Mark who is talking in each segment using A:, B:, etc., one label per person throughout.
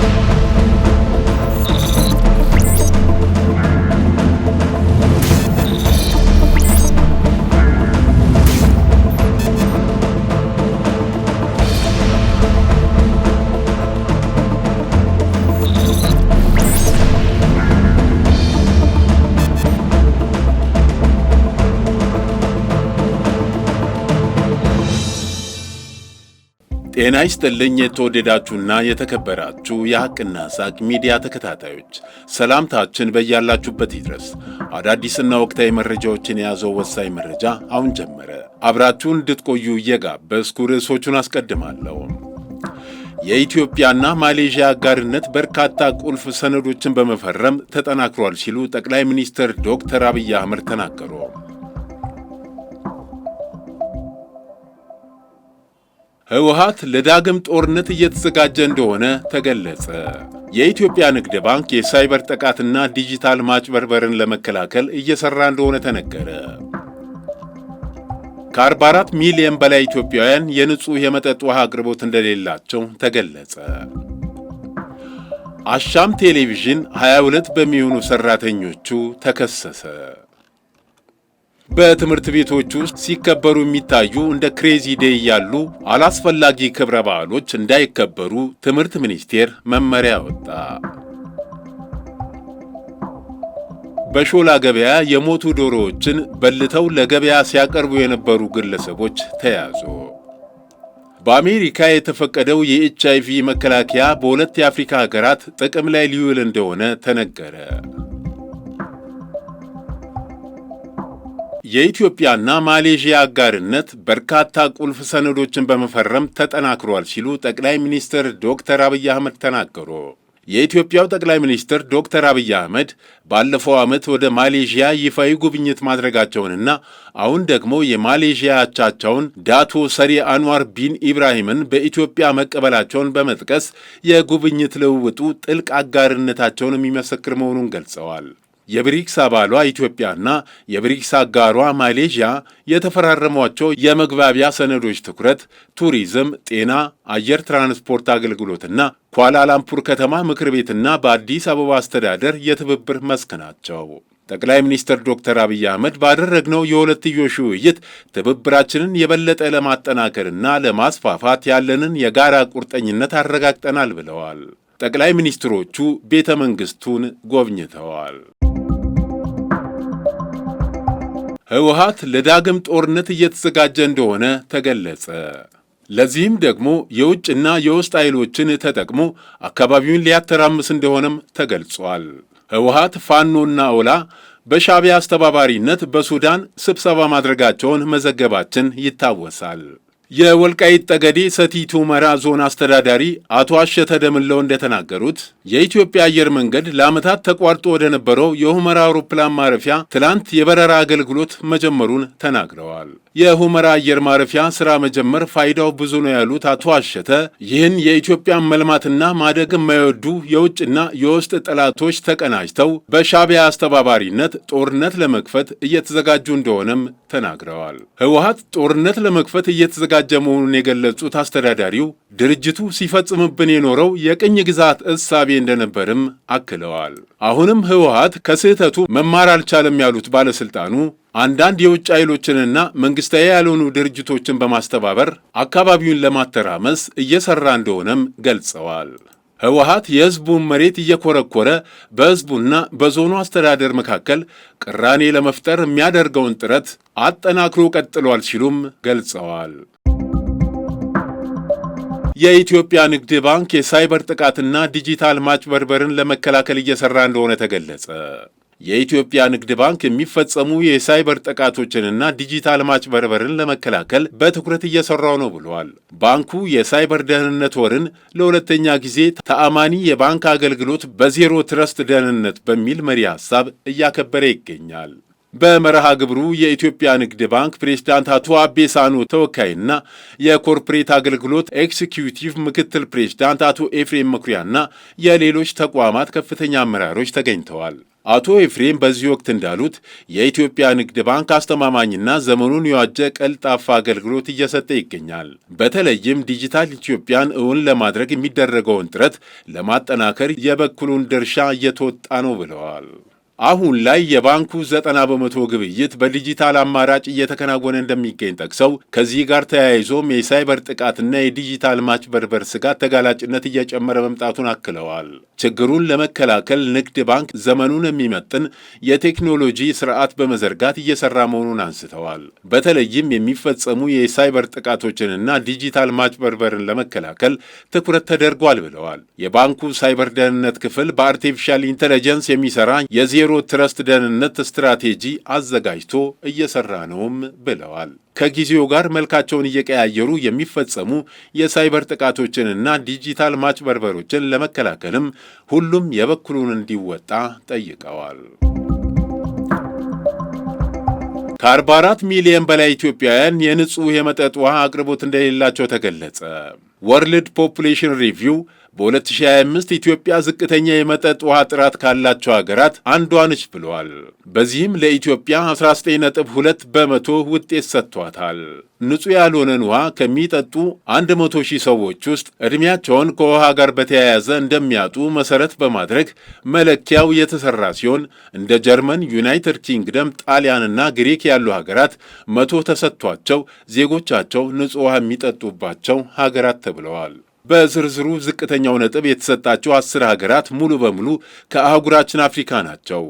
A: Thank you. ጤና ይስጥልኝ የተወደዳችሁና የተከበራችሁ የሐቅና ሳቅ ሚዲያ ተከታታዮች ሰላምታችን በያላችሁበት ይድረስ። አዳዲስና ወቅታዊ መረጃዎችን የያዘው ወሳኝ መረጃ አሁን ጀመረ። አብራችሁን እንድትቆዩ እየጋበዝኩ ርዕሶቹን አስቀድማለሁ። የኢትዮጵያና ማሌዥያ አጋርነት በርካታ ቁልፍ ሰነዶችን በመፈረም ተጠናክሯል ሲሉ ጠቅላይ ሚኒስትር ዶክተር አብይ አህመድ ተናገሩ። ህወሓት ለዳግም ጦርነት እየተዘጋጀ እንደሆነ ተገለጸ። የኢትዮጵያ ንግድ ባንክ የሳይበር ጥቃትና ዲጂታል ማጭበርበርን ለመከላከል እየሰራ እንደሆነ ተነገረ። ከ44 ሚሊዮን በላይ ኢትዮጵያውያን የንጹሕ የመጠጥ ውሃ አቅርቦት እንደሌላቸው ተገለጸ። አሻም ቴሌቪዥን 22 በሚሆኑ ሠራተኞቹ ተከሰሰ። በትምህርት ቤቶች ውስጥ ሲከበሩ የሚታዩ እንደ ክሬዚ ዴይ ያሉ አላስፈላጊ ክብረ በዓሎች እንዳይከበሩ ትምህርት ሚኒስቴር መመሪያ ወጣ። በሾላ ገበያ የሞቱ ዶሮዎችን በልተው ለገበያ ሲያቀርቡ የነበሩ ግለሰቦች ተያዙ። በአሜሪካ የተፈቀደው የኤች አይ ቪ መከላከያ በሁለት የአፍሪካ ሀገራት ጥቅም ላይ ሊውል እንደሆነ ተነገረ። የኢትዮጵያና ማሌዥያ አጋርነት በርካታ ቁልፍ ሰነዶችን በመፈረም ተጠናክሯል ሲሉ ጠቅላይ ሚኒስትር ዶክተር አብይ አህመድ ተናገሩ። የኢትዮጵያው ጠቅላይ ሚኒስትር ዶክተር አብይ አህመድ ባለፈው ዓመት ወደ ማሌዥያ ይፋዊ ጉብኝት ማድረጋቸውንና አሁን ደግሞ የማሌዥያ አቻቸውን ዳቶ ሰሪ አንዋር ቢን ኢብራሂምን በኢትዮጵያ መቀበላቸውን በመጥቀስ የጉብኝት ልውውጡ ጥልቅ አጋርነታቸውን የሚመሰክር መሆኑን ገልጸዋል። የብሪክስ አባሏ ኢትዮጵያና የብሪክስ አጋሯ ማሌዥያ የተፈራረሟቸው የመግባቢያ ሰነዶች ትኩረት ቱሪዝም፣ ጤና፣ አየር ትራንስፖርት አገልግሎትና ኳላላምፑር ከተማ ምክር ቤትና በአዲስ አበባ አስተዳደር የትብብር መስክ ናቸው። ጠቅላይ ሚኒስትር ዶክተር አብይ አህመድ ባደረግነው የሁለትዮሽ ውይይት ትብብራችንን የበለጠ ለማጠናከርና ለማስፋፋት ያለንን የጋራ ቁርጠኝነት አረጋግጠናል ብለዋል። ጠቅላይ ሚኒስትሮቹ ቤተ መንግሥቱን ጎብኝተዋል። ህወሓት ለዳግም ጦርነት እየተዘጋጀ እንደሆነ ተገለጸ። ለዚህም ደግሞ የውጭና የውስጥ ኃይሎችን ተጠቅሞ አካባቢውን ሊያተራምስ እንደሆነም ተገልጿል። ህወሓት ፋኖና ኦላ በሻቢያ አስተባባሪነት በሱዳን ስብሰባ ማድረጋቸውን መዘገባችን ይታወሳል። የወልቃይት ጠገዴ ሰቲት ሁመራ ዞን አስተዳዳሪ አቶ አሸተ ደምለው እንደተናገሩት የኢትዮጵያ አየር መንገድ ለዓመታት ተቋርጦ ወደ ነበረው የሁመራ አውሮፕላን ማረፊያ ትላንት የበረራ አገልግሎት መጀመሩን ተናግረዋል። የሁመራ አየር ማረፊያ ስራ መጀመር ፋይዳው ብዙ ነው ያሉት አቶ አሸተ ይህን የኢትዮጵያን መልማትና ማደግ የማይወዱ የውጭና የውስጥ ጠላቶች ተቀናጅተው በሻቢያ አስተባባሪነት ጦርነት ለመክፈት እየተዘጋጁ እንደሆነም ተናግረዋል። ህወሀት ጦርነት ለመክፈት እየተዘጋ እየተዘጋጀ መሆኑን የገለጹት አስተዳዳሪው ድርጅቱ ሲፈጽምብን የኖረው የቅኝ ግዛት እሳቤ እንደነበርም አክለዋል። አሁንም ህወሀት ከስህተቱ መማር አልቻለም ያሉት ባለስልጣኑ አንዳንድ የውጭ ኃይሎችንና መንግስታዊ ያልሆኑ ድርጅቶችን በማስተባበር አካባቢውን ለማተራመስ እየሰራ እንደሆነም ገልጸዋል። ህወሀት የህዝቡን መሬት እየኮረኮረ በህዝቡና በዞኑ አስተዳደር መካከል ቅራኔ ለመፍጠር የሚያደርገውን ጥረት አጠናክሮ ቀጥሏል ሲሉም ገልጸዋል። የኢትዮጵያ ንግድ ባንክ የሳይበር ጥቃትና ዲጂታል ማጭበርበርን ለመከላከል እየሰራ እንደሆነ ተገለጸ። የኢትዮጵያ ንግድ ባንክ የሚፈጸሙ የሳይበር ጥቃቶችንና ዲጂታል ማጭበርበርን ለመከላከል በትኩረት እየሰራው ነው ብሏል። ባንኩ የሳይበር ደህንነት ወርን ለሁለተኛ ጊዜ ተአማኒ የባንክ አገልግሎት በዜሮ ትረስት ደህንነት በሚል መሪ ሀሳብ እያከበረ ይገኛል። በመርሃ ግብሩ የኢትዮጵያ ንግድ ባንክ ፕሬዝዳንት አቶ አቤ ሳኖ ተወካይና የኮርፖሬት አገልግሎት ኤክስኪዩቲቭ ምክትል ፕሬዝዳንት አቶ ኤፍሬም መኩሪያና የሌሎች ተቋማት ከፍተኛ አመራሮች ተገኝተዋል። አቶ ኤፍሬም በዚህ ወቅት እንዳሉት የኢትዮጵያ ንግድ ባንክ አስተማማኝና ዘመኑን የዋጀ ቀልጣፋ አገልግሎት እየሰጠ ይገኛል። በተለይም ዲጂታል ኢትዮጵያን እውን ለማድረግ የሚደረገውን ጥረት ለማጠናከር የበኩሉን ድርሻ እየተወጣ ነው ብለዋል። አሁን ላይ የባንኩ ዘጠና በመቶ ግብይት በዲጂታል አማራጭ እየተከናወነ እንደሚገኝ ጠቅሰው ከዚህ ጋር ተያይዞም የሳይበር ጥቃትና የዲጂታል ማጭበርበር ስጋት ተጋላጭነት እየጨመረ መምጣቱን አክለዋል። ችግሩን ለመከላከል ንግድ ባንክ ዘመኑን የሚመጥን የቴክኖሎጂ ስርዓት በመዘርጋት እየሰራ መሆኑን አንስተዋል። በተለይም የሚፈጸሙ የሳይበር ጥቃቶችንና ዲጂታል ማጭበርበርን ለመከላከል ትኩረት ተደርጓል ብለዋል። የባንኩ ሳይበር ደህንነት ክፍል በአርቲፊሻል ኢንቴለጀንስ የሚሰራ የዜ የካይሮ ትረስት ደህንነት ስትራቴጂ አዘጋጅቶ እየሰራ ነውም ብለዋል። ከጊዜው ጋር መልካቸውን እየቀያየሩ የሚፈጸሙ የሳይበር ጥቃቶችንና ዲጂታል ማጭበርበሮችን ለመከላከልም ሁሉም የበኩሉን እንዲወጣ ጠይቀዋል። ከ44 ሚሊዮን በላይ ኢትዮጵያውያን የንጹሕ የመጠጥ ውሃ አቅርቦት እንደሌላቸው ተገለጸ። ወርልድ ፖፑሌሽን ሪቪው በ2025 ኢትዮጵያ ዝቅተኛ የመጠጥ ውሃ ጥራት ካላቸው ሀገራት አንዷ ነች ብለዋል። በዚህም ለኢትዮጵያ 19.2 በመቶ ውጤት ሰጥቷታል። ንጹህ ያልሆነን ውሃ ከሚጠጡ 100 ሺህ ሰዎች ውስጥ ዕድሜያቸውን ከውሃ ጋር በተያያዘ እንደሚያጡ መሰረት በማድረግ መለኪያው የተሰራ ሲሆን እንደ ጀርመን፣ ዩናይትድ ኪንግደም፣ ጣሊያንና ግሪክ ያሉ ሀገራት መቶ ተሰጥቷቸው ዜጎቻቸው ንጹህ ውሃ የሚጠጡባቸው ሀገራት ተብለዋል። በዝርዝሩ ዝቅተኛው ነጥብ የተሰጣቸው አስር ሀገራት ሙሉ በሙሉ ከአህጉራችን አፍሪካ ናቸው።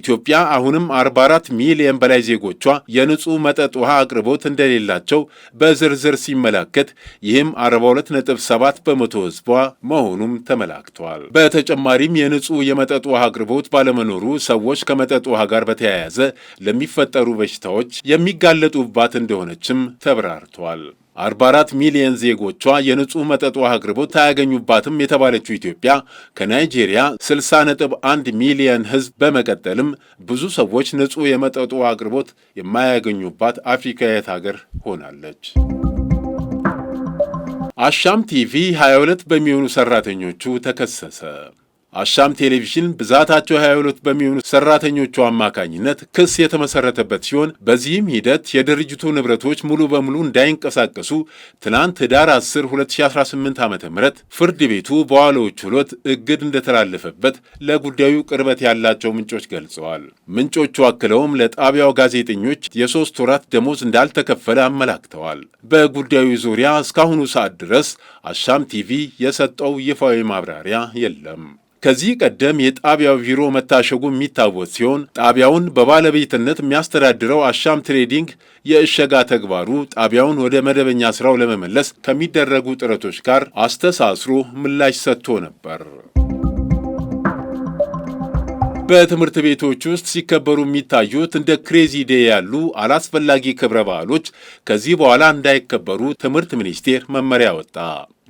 A: ኢትዮጵያ አሁንም 44 ሚሊየን በላይ ዜጎቿ የንጹህ መጠጥ ውሃ አቅርቦት እንደሌላቸው በዝርዝር ሲመላከት ይህም 42.7 በመቶ ህዝቧ መሆኑም ተመላክቷል። በተጨማሪም የንጹህ የመጠጥ ውሃ አቅርቦት ባለመኖሩ ሰዎች ከመጠጥ ውሃ ጋር በተያያዘ ለሚፈጠሩ በሽታዎች የሚጋለጡባት እንደሆነችም ተብራርቷል። 44 ሚሊየን ዜጎቿ የንጹህ መጠጥ ውሃ አቅርቦት አያገኙባትም የተባለችው ኢትዮጵያ ከናይጄሪያ 60.1 ሚሊየን ሕዝብ በመቀጠልም ብዙ ሰዎች ንጹህ የመጠጥ ውሃ አቅርቦት የማያገኙባት አፍሪካዊት ሀገር ሆናለች። አሻም ቲቪ 22 በሚሆኑ ሰራተኞቹ ተከሰሰ። አሻም ቴሌቪዥን ብዛታቸው 22 በሚሆኑ ሰራተኞቹ አማካኝነት ክስ የተመሰረተበት ሲሆን በዚህም ሂደት የድርጅቱ ንብረቶች ሙሉ በሙሉ እንዳይንቀሳቀሱ ትናንት ህዳር 10 2018 ዓ ም ፍርድ ቤቱ በዋለው ችሎት እግድ እንደተላለፈበት ለጉዳዩ ቅርበት ያላቸው ምንጮች ገልጸዋል። ምንጮቹ አክለውም ለጣቢያው ጋዜጠኞች የሶስት ወራት ደሞዝ እንዳልተከፈለ አመላክተዋል። በጉዳዩ ዙሪያ እስካሁኑ ሰዓት ድረስ አሻም ቲቪ የሰጠው ይፋዊ ማብራሪያ የለም። ከዚህ ቀደም የጣቢያው ቢሮ መታሸጉ የሚታወስ ሲሆን ጣቢያውን በባለቤትነት የሚያስተዳድረው አሻም ትሬዲንግ የእሸጋ ተግባሩ ጣቢያውን ወደ መደበኛ ስራው ለመመለስ ከሚደረጉ ጥረቶች ጋር አስተሳስሮ ምላሽ ሰጥቶ ነበር። በትምህርት ቤቶች ውስጥ ሲከበሩ የሚታዩት እንደ ክሬዚ ዴ ያሉ አላስፈላጊ ክብረ በዓሎች ከዚህ በኋላ እንዳይከበሩ ትምህርት ሚኒስቴር መመሪያ ወጣ።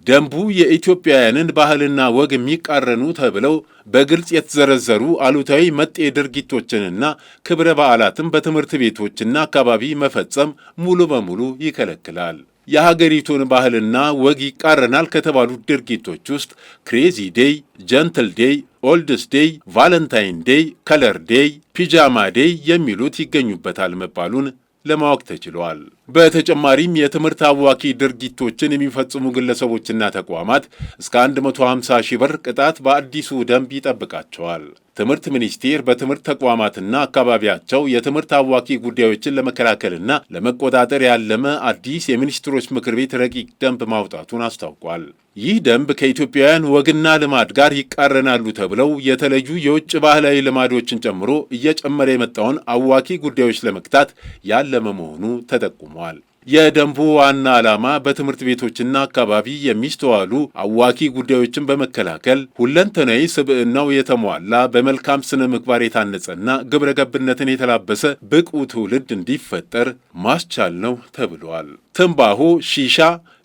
A: ደንቡ የኢትዮጵያውያንን ባህልና ወግ የሚቃረኑ ተብለው በግልጽ የተዘረዘሩ አሉታዊ መጤ ድርጊቶችንና ክብረ በዓላትን በትምህርት ቤቶችና አካባቢ መፈጸም ሙሉ በሙሉ ይከለክላል። የሀገሪቱን ባህልና ወግ ይቃረናል ከተባሉት ድርጊቶች ውስጥ ክሬዚ ዴይ፣ ጀንትል ዴይ፣ ኦልድስ ዴይ፣ ቫለንታይን ዴይ፣ ከለር ዴይ፣ ፒጃማ ዴይ የሚሉት ይገኙበታል መባሉን ለማወቅ ተችሏል። በተጨማሪም የትምህርት አዋኪ ድርጊቶችን የሚፈጽሙ ግለሰቦችና ተቋማት እስከ 150 ሺህ ብር ቅጣት በአዲሱ ደንብ ይጠብቃቸዋል። ትምህርት ሚኒስቴር በትምህርት ተቋማትና አካባቢያቸው የትምህርት አዋኪ ጉዳዮችን ለመከላከልና ለመቆጣጠር ያለመ አዲስ የሚኒስትሮች ምክር ቤት ረቂቅ ደንብ ማውጣቱን አስታውቋል። ይህ ደንብ ከኢትዮጵያውያን ወግና ልማድ ጋር ይቃረናሉ ተብለው የተለዩ የውጭ ባህላዊ ልማዶችን ጨምሮ እየጨመረ የመጣውን አዋኪ ጉዳዮች ለመግታት ያለመ መሆኑ ተጠቁሟል። ተስማምተዋል። የደንቡ ዋና ዓላማ በትምህርት ቤቶችና አካባቢ የሚስተዋሉ አዋኪ ጉዳዮችን በመከላከል ሁለንተናዊ ስብዕናው የተሟላ በመልካም ስነ ምግባር የታነጸና ግብረ ገብነትን የተላበሰ ብቁ ትውልድ እንዲፈጠር ማስቻል ነው ተብሏል። ትንባሆ፣ ሺሻ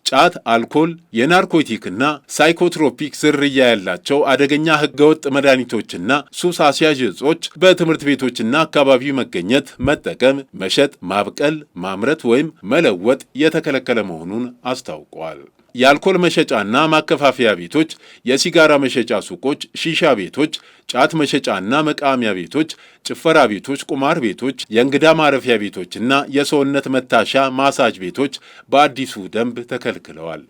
A: ጫት፣ አልኮል፣ የናርኮቲክና ሳይኮትሮፒክ ዝርያ ያላቸው አደገኛ ህገወጥ መድኃኒቶችና ሱስ አስያዥ እጾች በትምህርት ቤቶችና አካባቢ መገኘት፣ መጠቀም፣ መሸጥ፣ ማብቀል፣ ማምረት ወይም መለወጥ የተከለከለ መሆኑን አስታውቋል። የአልኮል መሸጫና ማከፋፈያ ቤቶች፣ የሲጋራ መሸጫ ሱቆች፣ ሺሻ ቤቶች፣ ጫት መሸጫና መቃሚያ ቤቶች፣ ጭፈራ ቤቶች፣ ቁማር ቤቶች፣ የእንግዳ ማረፊያ ቤቶችና የሰውነት መታሻ ማሳጅ ቤቶች በአዲሱ ደንብ ተከልክለዋል።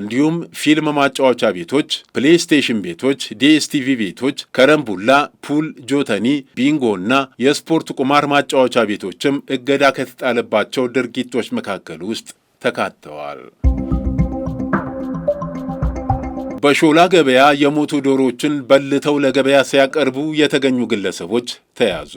A: እንዲሁም ፊልም ማጫወቻ ቤቶች፣ ፕሌይስቴሽን ቤቶች፣ ዲኤስቲቪ ቤቶች፣ ከረምቡላ፣ ፑል፣ ጆተኒ፣ ቢንጎ እና የስፖርት ቁማር ማጫወቻ ቤቶችም እገዳ ከተጣለባቸው ድርጊቶች መካከል ውስጥ ተካተዋል። በሾላ ገበያ የሞቱ ዶሮዎችን በልተው ለገበያ ሲያቀርቡ የተገኙ ግለሰቦች ተያዙ።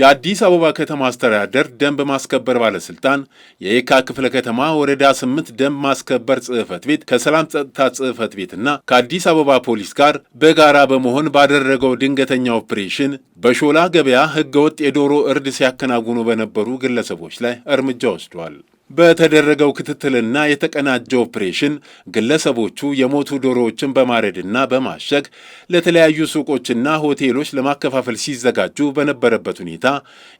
A: የአዲስ አበባ ከተማ አስተዳደር ደንብ ማስከበር ባለስልጣን የየካ ክፍለ ከተማ ወረዳ ስምንት ደንብ ማስከበር ጽሕፈት ቤት ከሰላም ጸጥታ ጽሕፈት ቤትና ከአዲስ አበባ ፖሊስ ጋር በጋራ በመሆን ባደረገው ድንገተኛ ኦፕሬሽን በሾላ ገበያ ህገወጥ የዶሮ እርድ ሲያከናውኑ በነበሩ ግለሰቦች ላይ እርምጃ ወስዷል። በተደረገው ክትትልና የተቀናጀ ኦፕሬሽን ግለሰቦቹ የሞቱ ዶሮዎችን በማረድና በማሸግ ለተለያዩ ሱቆችና ሆቴሎች ለማከፋፈል ሲዘጋጁ በነበረበት ሁኔታ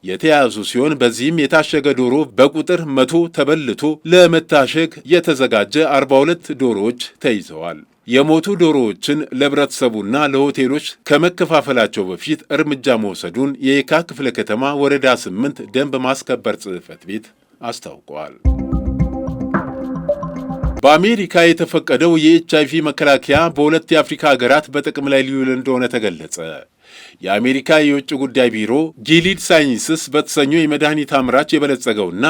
A: የተያዙ ሲሆን በዚህም የታሸገ ዶሮ በቁጥር መቶ ተበልቶ ለመታሸግ የተዘጋጀ 42 ዶሮዎች ተይዘዋል። የሞቱ ዶሮዎችን ለህብረተሰቡና ለሆቴሎች ከመከፋፈላቸው በፊት እርምጃ መውሰዱን የየካ ክፍለ ከተማ ወረዳ ስምንት ደንብ ማስከበር ጽህፈት ቤት አስታውቋል። በአሜሪካ የተፈቀደው የኤች አይቪ መከላከያ በሁለት የአፍሪካ ሀገራት በጥቅም ላይ ሊውል እንደሆነ ተገለጸ። የአሜሪካ የውጭ ጉዳይ ቢሮ ጊሊድ ሳይንስስ በተሰኘው የመድኃኒት አምራች የበለጸገውና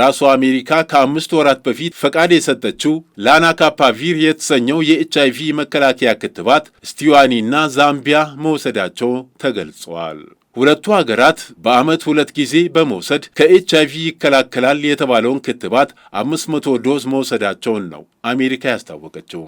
A: ራሷ አሜሪካ ከአምስት ወራት በፊት ፈቃድ የሰጠችው ላናካፓቪር የተሰኘው የኤች አይቪ መከላከያ ክትባት ስቲዋኒና ዛምቢያ መውሰዳቸው ተገልጿል። ሁለቱ ሀገራት በዓመት ሁለት ጊዜ በመውሰድ ከኤች አይቪ ይከላከላል የተባለውን ክትባት 500 ዶዝ መውሰዳቸውን ነው አሜሪካ ያስታወቀችው።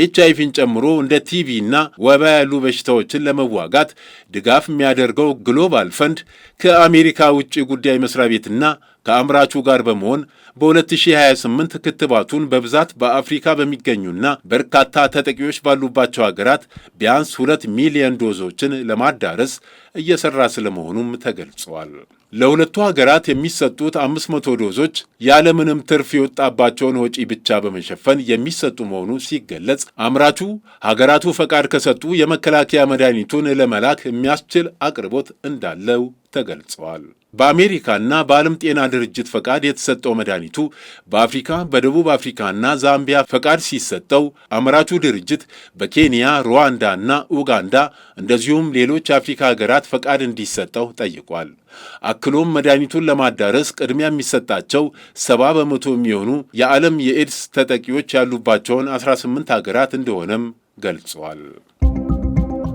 A: ኤች አይቪን ጨምሮ እንደ ቲቪ እና ወባ ያሉ በሽታዎችን ለመዋጋት ድጋፍ የሚያደርገው ግሎባል ፈንድ ከአሜሪካ ውጭ ጉዳይ መስሪያ ቤትና ከአምራቹ ጋር በመሆን በ2028 ክትባቱን በብዛት በአፍሪካ በሚገኙና በርካታ ተጠቂዎች ባሉባቸው ሀገራት ቢያንስ ሁለት ሚሊየን ዶዞችን ለማዳረስ እየሰራ ስለመሆኑም ተገልጸዋል። ለሁለቱ ሀገራት የሚሰጡት 500 ዶዞች ያለምንም ትርፍ የወጣባቸውን ወጪ ብቻ በመሸፈን የሚሰጡ መሆኑ ሲገለጽ አምራቹ ሀገራቱ ፈቃድ ከሰጡ የመከላከያ መድኃኒቱን ለመላክ የሚያስችል አቅርቦት እንዳለው ተገልጸዋል። በአሜሪካና በዓለም ጤና ድርጅት ፈቃድ የተሰጠው መድኃኒቱ በአፍሪካ በደቡብ አፍሪካና ዛምቢያ ፈቃድ ሲሰጠው አምራቹ ድርጅት በኬንያ፣ ሩዋንዳና ኡጋንዳ እንደዚሁም ሌሎች አፍሪካ ሀገራት ፈቃድ እንዲሰጠው ጠይቋል። አክሎም መድኃኒቱን ለማዳረስ ቅድሚያ የሚሰጣቸው ሰባ በመቶ የሚሆኑ የዓለም የኤድስ ተጠቂዎች ያሉባቸውን 18 ሀገራት እንደሆነም ገልጸዋል።